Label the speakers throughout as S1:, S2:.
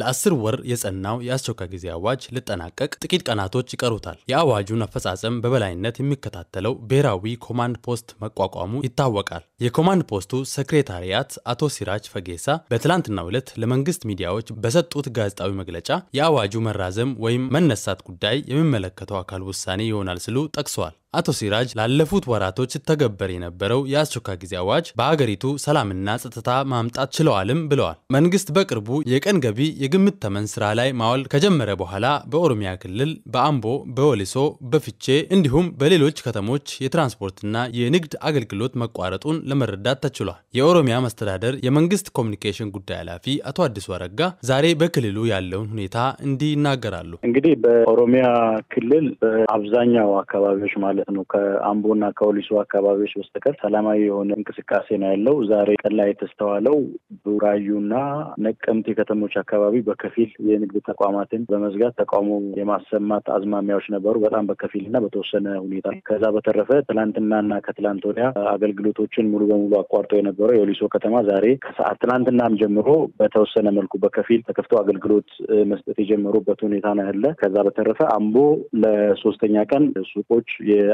S1: ለአስር ወር የጸናው የአስቸኳይ ጊዜ አዋጅ ሊጠናቀቅ ጥቂት ቀናቶች ይቀሩታል። የአዋጁን አፈጻጸም በበላይነት የሚከታተለው ብሔራዊ ኮማንድ ፖስት መቋቋሙ ይታወቃል። የኮማንድ ፖስቱ ሴክሬታሪያት አቶ ሲራጅ ፈጌሳ በትላንትናው ዕለት ለመንግስት ሚዲያዎች በሰጡት ጋዜጣዊ መግለጫ የአዋጁ መራዘም ወይም መነሳት ጉዳይ የሚመለከተው አካል ውሳኔ ይሆናል ሲሉ ጠቅሰዋል። አቶ ሲራጅ ላለፉት ወራቶች ሲተገበር የነበረው የአስቸኳይ ጊዜ አዋጅ በአገሪቱ ሰላምና ጸጥታ ማምጣት ችለዋልም ብለዋል። መንግስት በቅርቡ የቀን ገቢ የግምት ተመን ስራ ላይ ማዋል ከጀመረ በኋላ በኦሮሚያ ክልል በአምቦ፣ በወሊሶ፣ በፍቼ እንዲሁም በሌሎች ከተሞች የትራንስፖርትና የንግድ አገልግሎት መቋረጡን ለመረዳት ተችሏል። የኦሮሚያ መስተዳደር የመንግስት ኮሚኒኬሽን ጉዳይ ኃላፊ አቶ አዲሱ አረጋ ዛሬ በክልሉ ያለውን ሁኔታ እንዲህ ይናገራሉ።
S2: እንግዲህ በኦሮሚያ ክልል በአብዛኛው አካባቢዎች ማለት ማለት ነው። ከአምቦና ከወሊሶ አካባቢዎች በስተቀር ሰላማዊ የሆነ እንቅስቃሴ ነው ያለው። ዛሬ ቀን ላይ የተስተዋለው ቡራዩና ነቀምቴ ከተሞች አካባቢ በከፊል የንግድ ተቋማትን በመዝጋት ተቃውሞ የማሰማት አዝማሚያዎች ነበሩ። በጣም በከፊል እና በተወሰነ ሁኔታ። ከዛ በተረፈ ትላንትናና ከትላንት ወዲያ አገልግሎቶችን ሙሉ በሙሉ አቋርጦ የነበረው የወሊሶ ከተማ ዛሬ ከሰዓት ትላንትናም ጀምሮ በተወሰነ መልኩ በከፊል ተከፍቶ አገልግሎት መስጠት የጀመሩበት ሁኔታ ነው ያለ። ከዛ በተረፈ አምቦ ለሶስተኛ ቀን ሱቆች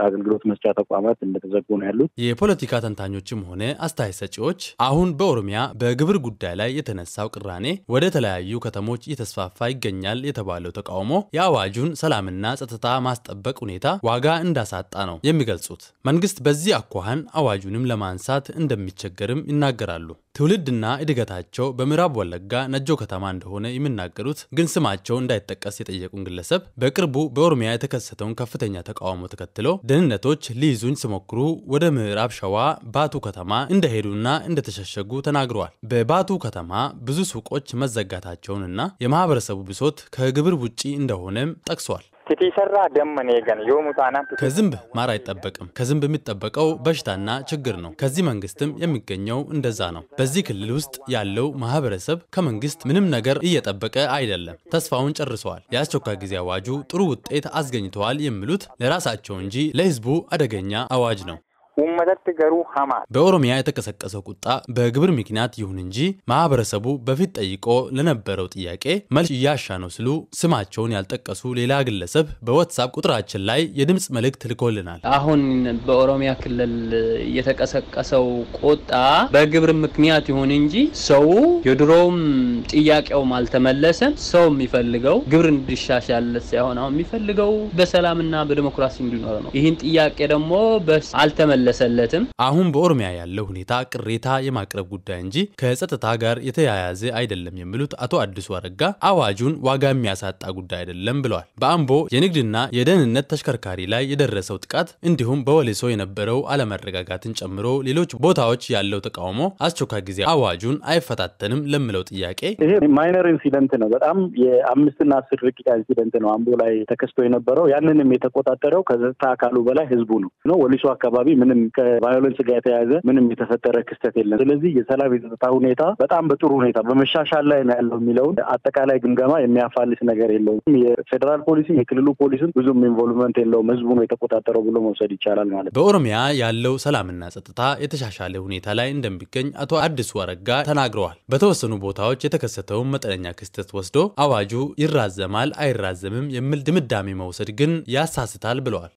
S2: አገልግሎት መስጫ ተቋማት እንደተዘጉ ነው ያሉት።
S1: የፖለቲካ ተንታኞችም ሆነ አስተያየት ሰጪዎች አሁን በኦሮሚያ በግብር ጉዳይ ላይ የተነሳው ቅራኔ ወደ ተለያዩ ከተሞች እየተስፋፋ ይገኛል የተባለው ተቃውሞ የአዋጁን ሰላምና ጸጥታ ማስጠበቅ ሁኔታ ዋጋ እንዳሳጣ ነው የሚገልጹት። መንግስት በዚህ አኳኋን አዋጁንም ለማንሳት እንደሚቸገርም ይናገራሉ። ትውልድና እድገታቸው በምዕራብ ወለጋ ነጆ ከተማ እንደሆነ የሚናገሩት ግን ስማቸው እንዳይጠቀስ የጠየቁን ግለሰብ በቅርቡ በኦሮሚያ የተከሰተውን ከፍተኛ ተቃውሞ ተከትሎ ደህንነቶች ሊይዙኝ ሲሞክሩ ወደ ምዕራብ ሸዋ ባቱ ከተማ እንደሄዱና እንደተሸሸጉ ተናግረዋል። በባቱ ከተማ ብዙ ሱቆች መዘጋታቸውንና የማህበረሰቡ ብሶት ከግብር ውጪ እንደሆነም ጠቅሷል።
S2: ኪቲሰራ ደመኔ ገን ዮሙ
S1: ከዝንብ ማር አይጠበቅም። ከዝንብ የሚጠበቀው በሽታና ችግር ነው። ከዚህ መንግስትም የሚገኘው እንደዛ ነው። በዚህ ክልል ውስጥ ያለው ማህበረሰብ ከመንግስት ምንም ነገር እየጠበቀ አይደለም። ተስፋውን ጨርሰዋል። የአስቸኳይ ጊዜ አዋጁ ጥሩ ውጤት አስገኝተዋል የሚሉት ለራሳቸው እንጂ ለህዝቡ አደገኛ አዋጅ ነው። በኦሮሚያ የተቀሰቀሰው ቁጣ በግብር ምክንያት ይሁን እንጂ ማህበረሰቡ በፊት ጠይቆ ለነበረው ጥያቄ መልስ እያሻ ነው ሲሉ ስማቸውን ያልጠቀሱ ሌላ ግለሰብ በዋትሳፕ ቁጥራችን ላይ የድምፅ መልእክት ልኮልናል። አሁን በኦሮሚያ ክልል የተቀሰቀሰው ቁጣ በግብር ምክንያት ይሁን እንጂ ሰው የድሮውም ጥያቄውም አልተመለሰም። ሰው የሚፈልገው ግብር እንዲሻሻል ሳይሆን አሁን የሚፈልገው በሰላምና በዲሞክራሲ እንዲኖር ነው። ይህን ጥያቄ ደግሞ አልተመለሰም። አልደረሰለትም። አሁን በኦሮሚያ ያለው ሁኔታ ቅሬታ የማቅረብ ጉዳይ እንጂ ከጸጥታ ጋር የተያያዘ አይደለም የሚሉት አቶ አዲሱ አረጋ አዋጁን ዋጋ የሚያሳጣ ጉዳይ አይደለም ብለዋል። በአምቦ የንግድና የደህንነት ተሽከርካሪ ላይ የደረሰው ጥቃት እንዲሁም በወሊሶ የነበረው አለመረጋጋትን ጨምሮ ሌሎች ቦታዎች ያለው ተቃውሞ አስቸኳይ ጊዜ አዋጁን አይፈታተንም ለምለው ጥያቄ
S2: ይሄ ማይነር ኢንሲደንት ነው። በጣም የአምስትና አስር ደቂቃ ኢንሲደንት ነው አምቦ ላይ ተከስቶ የነበረው ያንንም የተቆጣጠረው ከጸጥታ አካሉ በላይ ህዝቡ ነው። ወሊሶ አካባቢ ምንም ከቫዮለንስ ጋር የተያያዘ ምንም የተፈጠረ ክስተት የለም። ስለዚህ የሰላም የጸጥታ ሁኔታ በጣም በጥሩ ሁኔታ በመሻሻል ላይ ነው ያለው የሚለውን አጠቃላይ ግምገማ የሚያፋልስ ነገር የለውም። የፌዴራል ፖሊስም የክልሉ ፖሊስም ብዙም ኢንቮልቭመንት የለውም። ህዝቡ
S1: ነው የተቆጣጠረው ብሎ መውሰድ ይቻላል ማለት ነው። በኦሮሚያ ያለው ሰላምና ጸጥታ የተሻሻለ ሁኔታ ላይ እንደሚገኝ አቶ አዲሱ አረጋ ተናግረዋል። በተወሰኑ ቦታዎች የተከሰተውን መጠነኛ ክስተት ወስዶ አዋጁ ይራዘማል አይራዘምም የሚል ድምዳሜ መውሰድ ግን ያሳስታል ብለዋል።